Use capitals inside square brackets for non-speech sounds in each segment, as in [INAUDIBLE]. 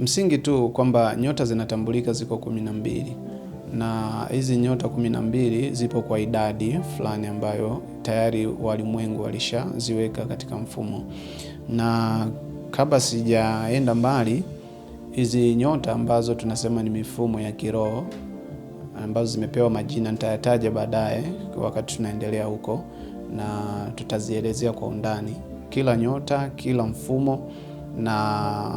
Msingi tu kwamba nyota zinatambulika ziko kumi na mbili na hizi nyota kumi na mbili zipo kwa idadi fulani ambayo tayari walimwengu walishaziweka katika mfumo. Na kabla sijaenda mbali, hizi nyota ambazo tunasema ni mifumo ya kiroho ambazo zimepewa majina nitayataja baadaye wakati tunaendelea huko, na tutazielezea kwa undani kila nyota, kila mfumo na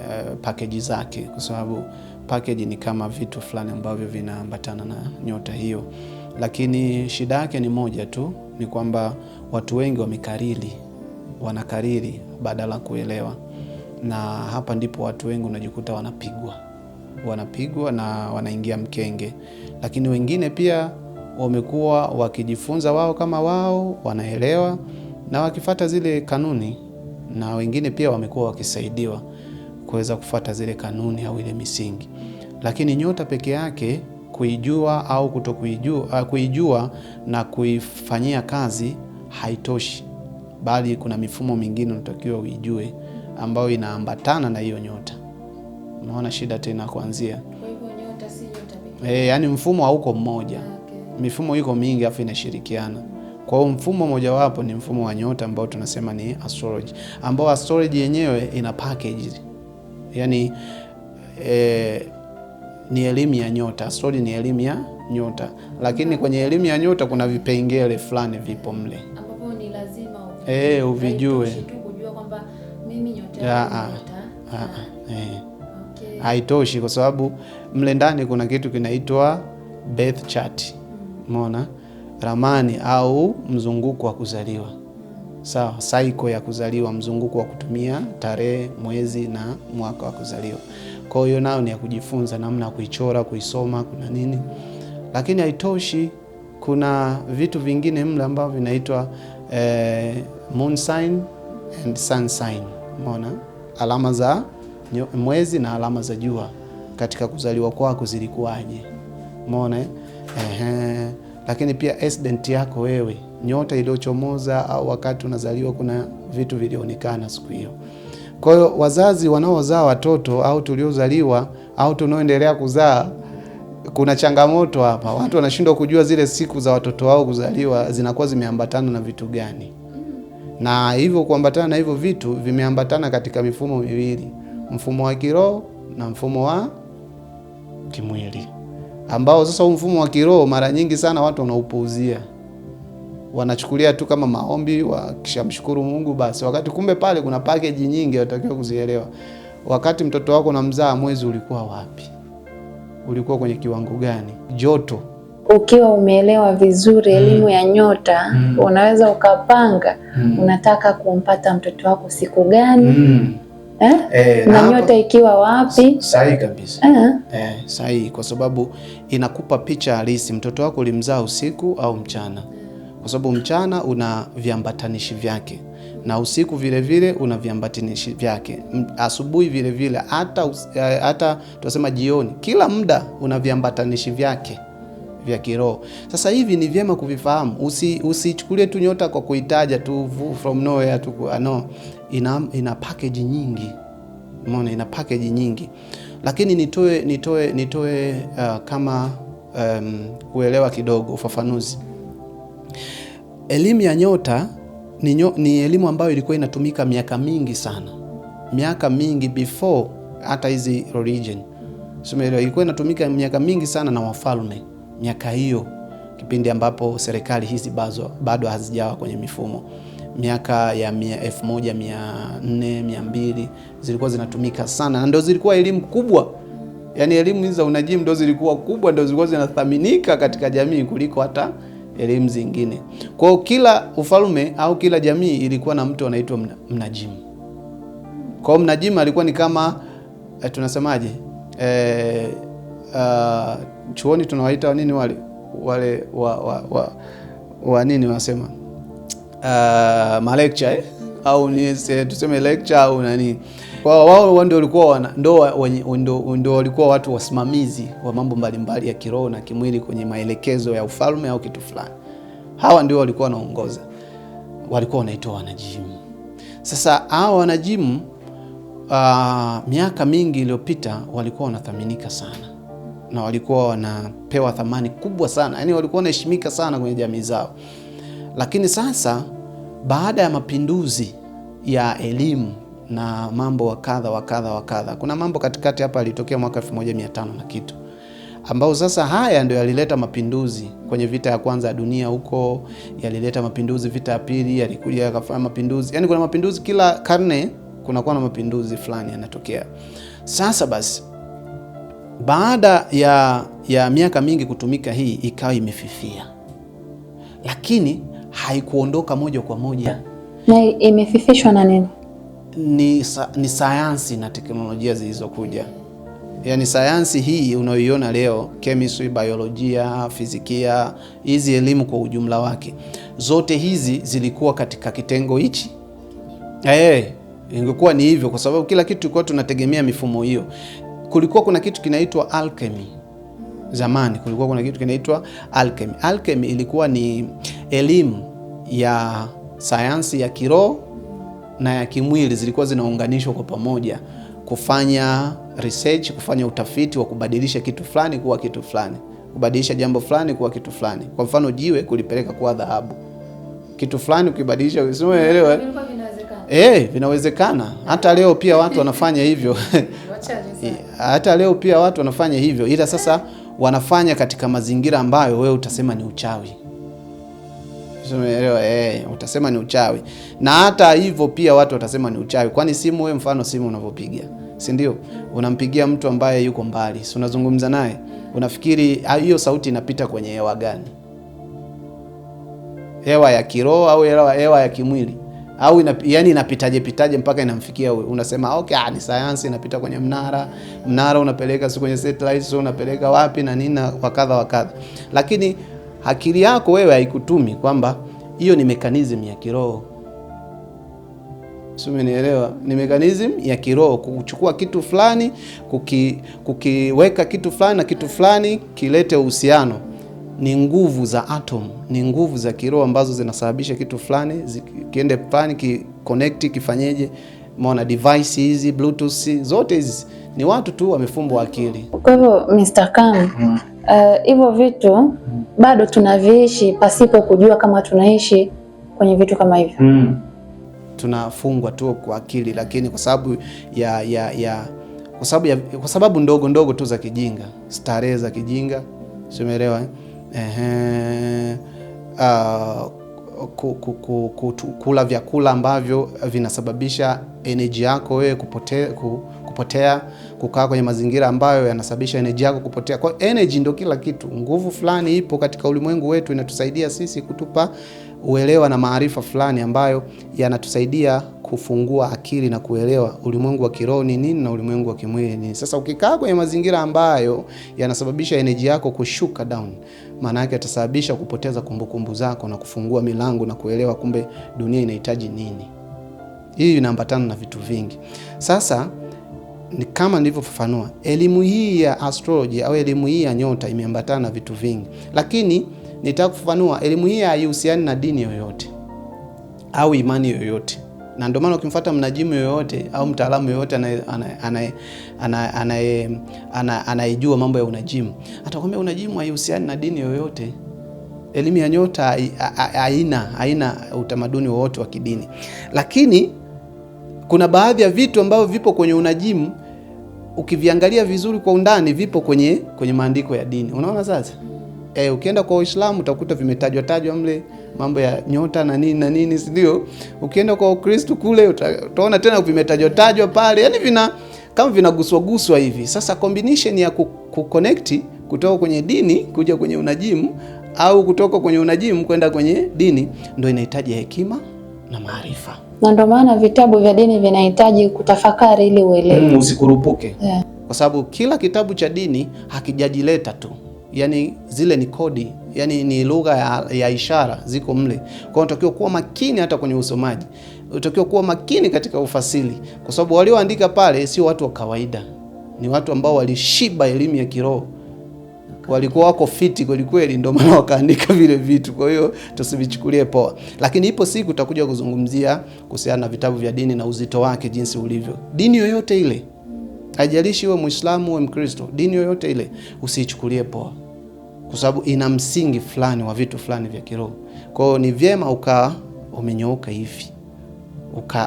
uh, eh, pakeji zake, kwa sababu pakeji ni kama vitu fulani ambavyo vinaambatana na nyota hiyo. Lakini shida yake ni moja tu, ni kwamba watu wengi wamekariri, wanakariri badala kuelewa, na hapa ndipo watu wengi unajikuta wanapigwa, wanapigwa na wanaingia mkenge. Lakini wengine pia wamekuwa wakijifunza wao kama wao wanaelewa na wakifata zile kanuni, na wengine pia wamekuwa wakisaidiwa kuweza kufuata zile kanuni au ile misingi. Lakini nyota peke yake kuijua au kutokuijua, ah, kuijua na kuifanyia kazi haitoshi, bali kuna mifumo mingine unatakiwa uijue ambayo inaambatana na hiyo nyota. Unaona shida tena kuanzia E, yaani mfumo hauko mmoja, ah, mifumo iko mingi afu inashirikiana. Kwa hiyo mfumo mojawapo ni mfumo wa nyota ambao tunasema ni astrology, ambao astrology yenyewe ina package yani e, ni elimu ya nyota. Astrology ni elimu ya nyota, lakini kwenye elimu ya nyota kuna vipengele fulani vipo mle ambapo ni lazima e, uvijue. Ah, ah, ah, eh. Haitoshi kwa sababu mle ndani kuna kitu kinaitwa birth chart, mm. umeona ramani au mzunguko wa kuzaliwa sawa, saiko ya kuzaliwa, mzunguko wa kutumia tarehe, mwezi na mwaka wa kuzaliwa. Kwa hiyo nayo ni ya kujifunza namna ya kuichora, kuisoma, kuna nini. Lakini haitoshi, kuna vitu vingine mle ambavyo vinaitwa eh, moon sign and sun sign. Umeona alama za mwezi na alama za jua katika kuzaliwa kwako zilikuwaje? Umeona eh, eh. lakini pia accident yako wewe nyota iliyochomoza au wakati unazaliwa, kuna vitu vilionekana siku hiyo. Kwa hiyo wazazi wanaozaa watoto au tuliozaliwa au tunaoendelea kuzaa, kuna changamoto hapa. Watu wanashindwa kujua zile siku za watoto wao kuzaliwa zinakuwa zimeambatana na vitu gani, na hivyo kuambatana na hivyo vitu vimeambatana katika mifumo miwili, mfumo wa kiroho na mfumo wa kimwili, ambao sasa mfumo wa kiroho mara nyingi sana watu wanaupuuzia wanachukulia tu kama maombi, wakishamshukuru Mungu basi, wakati kumbe pale kuna package nyingi watakiwa kuzielewa. Wakati mtoto wako na mzaa, mwezi ulikuwa wapi? Ulikuwa kwenye kiwango gani? Joto ukiwa umeelewa vizuri mm. elimu mm. ya nyota mm. unaweza ukapanga mm. unataka kumpata mtoto wako siku gani mm. eh? Eh, na nyota hapa, ikiwa wapi? Sahihi kabisa eh. Eh, sahihi, kwa sababu inakupa picha halisi, mtoto wako ulimzaa usiku au mchana kwa sababu mchana una viambatanishi vyake na usiku vile vile una viambatanishi vyake, asubuhi vile vile, hata eh, hata tunasema jioni, kila muda una viambatanishi vyake vya kiroho. Sasa hivi ni vyema kuvifahamu, usichukulie usi tu nyota kwa kuitaja tu from nowhere tu, ah, no, ina, ina package nyingi. Umeona, ina package nyingi, lakini nitoe nitoe nitoe uh, kama um, kuelewa kidogo ufafanuzi elimu ya nyota ni, nyo, ni elimu ambayo ilikuwa inatumika miaka mingi sana, miaka mingi before hata hizi religion Sumeria ilikuwa inatumika miaka mingi sana na wafalme, miaka hiyo kipindi ambapo serikali hizi bazo, bado hazijawa kwenye mifumo. Miaka ya mia, elfu moja mia nne mia mbili zilikuwa zinatumika sana na ndio zilikuwa elimu kubwa, yaani elimu hizi za unajimu ndio zilikuwa kubwa, ndio zilikuwa zinathaminika katika jamii kuliko hata elimu zingine. Kwa hiyo kila ufalme au kila jamii ilikuwa na mtu anaitwa mnajimu. Kwa hiyo mnajimu alikuwa ni kama e, tunasemaje eh, uh, chuoni tunawaita nini wale wale wa, wa, wa, wa nini wanasema uh, ah, malecture eh? au ni tuseme lecture au nani. Kwa wao ndio walikuwa ndo ndio walikuwa watu wasimamizi wa mambo mbalimbali ya kiroho na kimwili kwenye maelekezo ya ufalme au kitu fulani. Hawa ndio walikuwa wanaongoza, walikuwa wanaitwa wanajimu. Sasa hawa wanajimu uh, miaka mingi iliyopita walikuwa wanathaminika sana na walikuwa wanapewa thamani kubwa sana, yaani walikuwa wanaheshimika sana kwenye jamii zao, lakini sasa baada ya mapinduzi ya elimu na mambo wa kadha wa kadha wa kadha, kuna mambo katikati hapa yalitokea mwaka 1500 na kitu ambao sasa haya ndio yalileta mapinduzi kwenye vita ya kwanza ya dunia huko, yalileta mapinduzi vita ya pili, yalikuja yakafanya mapinduzi. Yani kuna mapinduzi kila karne, kunakuwa na mapinduzi fulani yanatokea. Sasa basi, baada ya, ya miaka mingi kutumika, hii ikawa imefifia, lakini haikuondoka moja kwa moja. Na imefifishwa na nini? Ni, ni sayansi na teknolojia zilizokuja. Yaani sayansi hii unayoiona leo, chemistry, biolojia, fizikia, hizi elimu kwa ujumla wake, zote hizi zilikuwa katika kitengo hichi. Hey, eh, ingekuwa ni hivyo kwa sababu kila kitu tulikuwa tunategemea mifumo hiyo. Kulikuwa kuna kitu kinaitwa alchemy zamani kulikuwa kuna kitu kinaitwa alchemy. Alchemy ilikuwa ni elimu ya sayansi ya kiroho na ya kimwili, zilikuwa zinaunganishwa kwa pamoja kufanya research, kufanya utafiti wa kubadilisha kitu fulani kuwa kitu fulani, kubadilisha jambo fulani kuwa kitu fulani. Kwa mfano, jiwe kulipeleka kuwa dhahabu, kitu fulani ukibadilisha, usielewe eh, vinawezekana. Hata leo pia watu wanafanya hivyo [LAUGHS] hata leo pia watu wanafanya hivyo, ila sasa wanafanya katika mazingira ambayo wewe utasema ni uchawi. Umeelewa? Eh, utasema ni uchawi, na hata hivyo pia watu watasema ni uchawi. Kwani simu, wewe mfano simu unavyopiga, si ndio? Unampigia mtu ambaye yuko mbali, si unazungumza naye, unafikiri ah, hiyo sauti inapita kwenye hewa gani? Hewa ya kiroho au hewa, hewa ya kimwili? au ina, yani inapitaje pitaje mpaka inamfikia wewe. Unasema okay, ah, ni sayansi inapita kwenye mnara, mnara unapeleka si kwenye satellite, so unapeleka wapi na nini na kadha wa kadha, lakini akili yako wewe haikutumi kwamba hiyo ni mekanizmu ya kiroho. Umenielewa? Ni mekanizmu ya kiroho kuchukua kitu fulani kuki, kukiweka kitu fulani na kitu fulani kilete uhusiano ni nguvu za atom, ni nguvu za kiroho ambazo zinasababisha kitu fulani kiende fulani connect kifanyeje. Maona device hizi bluetooth zote hizi ni watu tu wamefumbwa akili. Kwa hivyo Mr. Kam, mm-hmm. eh, hivyo uh, vitu mm-hmm. bado tunaviishi pasipo kujua kama tunaishi kwenye vitu kama hivyo mm. Tunafungwa tu kwa akili, lakini kwa sababu ya, ya, ya, kwa sababu ya, kwa sababu ndogo ndogo tu za kijinga, starehe za kijinga, simeelewa eh? ehe, uh, kula vyakula ambavyo vinasababisha energy yako wewe kupotea, kupotea, kukaa kwenye mazingira ambayo yanasababisha energy yako kupotea. Kwa eneji energy ndio kila kitu. Nguvu fulani ipo katika ulimwengu wetu, inatusaidia sisi kutupa uelewa na maarifa fulani ambayo yanatusaidia kufungua akili na kuelewa ulimwengu wa kiroho ni nini na ulimwengu wa kimwili ni nini. Sasa ukikaa kwenye mazingira ambayo yanasababisha energy yako kushuka down, maana yake atasababisha kupoteza kumbukumbu zako na kufungua milango na kuelewa kumbe dunia inahitaji nini. Hii inaambatana na vitu vingi. Sasa ni kama nilivyofafanua, elimu hii ya astrology au elimu hii ya nyota imeambatana na vitu vingi, lakini nitaka kufafanua elimu hii haihusiani na dini yoyote au imani yoyote na ndio maana ukimfuata mnajimu yoyote au mtaalamu yoyote anayejua mambo ya unajimu atakwambia unajimu haihusiani na dini yoyote. Elimu ya nyota haina haina utamaduni wowote wa kidini, lakini kuna baadhi ya vitu ambavyo vipo kwenye unajimu ukiviangalia vizuri kwa undani vipo kwenye kwenye maandiko ya dini. Unaona sasa? Eh, ukienda kwa Uislamu utakuta vimetajwa tajwa mle mambo ya nyota na nini na nini, si ndio? Ukienda kwa Ukristo kule utaona tena vimetajwatajwa pale, yani vina kama vinaguswaguswa hivi. Sasa combination ya kuconnect kutoka kwenye dini kuja kwenye unajimu au kutoka kwenye unajimu kwenda kwenye dini ndio inahitaji hekima na maarifa, na ndio maana vitabu vya dini vinahitaji kutafakari ili uelewe. Mm, usikurupuke yeah. Kwa sababu kila kitabu cha dini hakijajileta tu, yani zile ni kodi yani ni lugha ya, ya ishara ziko mle. Kwa unatakiwa kuwa makini hata kwenye usomaji, unatakiwa kuwa makini katika ufasili, kwa sababu walioandika pale sio watu wa kawaida, ni watu ambao walishiba elimu ya kiroho walikuwa wako fiti kweli kweli, ndio maana wakaandika [LAUGHS] vile vitu. Kwa hiyo tusivichukulie poa, lakini ipo siku tutakuja kuzungumzia kuhusiana na vitabu vya dini na uzito wake jinsi ulivyo. Dini yoyote ile, haijalishi uwe Muislamu uwe Mkristo, dini yoyote ile usiichukulie poa kwa sababu ina msingi fulani wa vitu fulani vya kiroho. Kwa hiyo ni vyema ukaa umenyooka hivi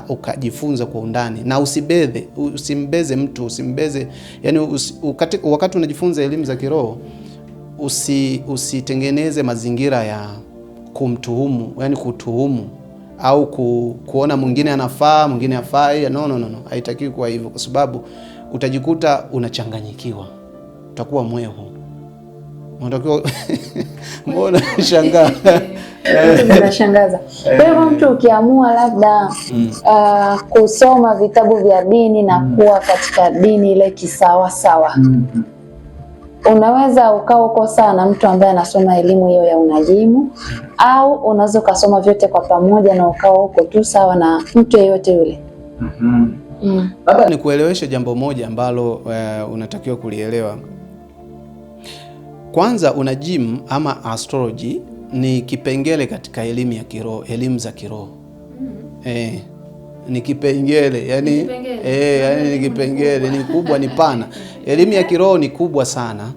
ukajifunza uka kwa undani na usibeze, usimbeze mtu usimbeze, yani usi, ukati, wakati unajifunza elimu za kiroho usi, usitengeneze mazingira ya kumtuhumu, yani kutuhumu au ku, kuona mwingine anafaa mwingine afai. No, no, no, no, haitakiwi kuwa hivyo, kwa sababu utajikuta unachanganyikiwa, utakuwa mwehu unatakiwa mbona [LAUGHS] shangaa Inashangaza. Kwa hiyo eh. mtu ukiamua labda uh, kusoma vitabu vya dini na mm. kuwa katika dini ile kisawa kisawasawa, mm-hmm. unaweza ukawa uko sawa na mtu ambaye anasoma elimu hiyo ya unajimu, mm. au unaweza ukasoma vyote kwa pamoja na ukawa uko tu sawa na mtu yeyote yule. Mm-hmm. Labda nikueleweshe jambo moja ambalo uh, unatakiwa kulielewa. Kwanza, unajimu ama astrology ni kipengele katika elimu ya kiroho, elimu za kiroho mm -hmm. eh, ni kipengele yani, eh, yani ni kipengele ni kubwa, ni pana. [LAUGHS] Elimu ya kiroho ni kubwa sana,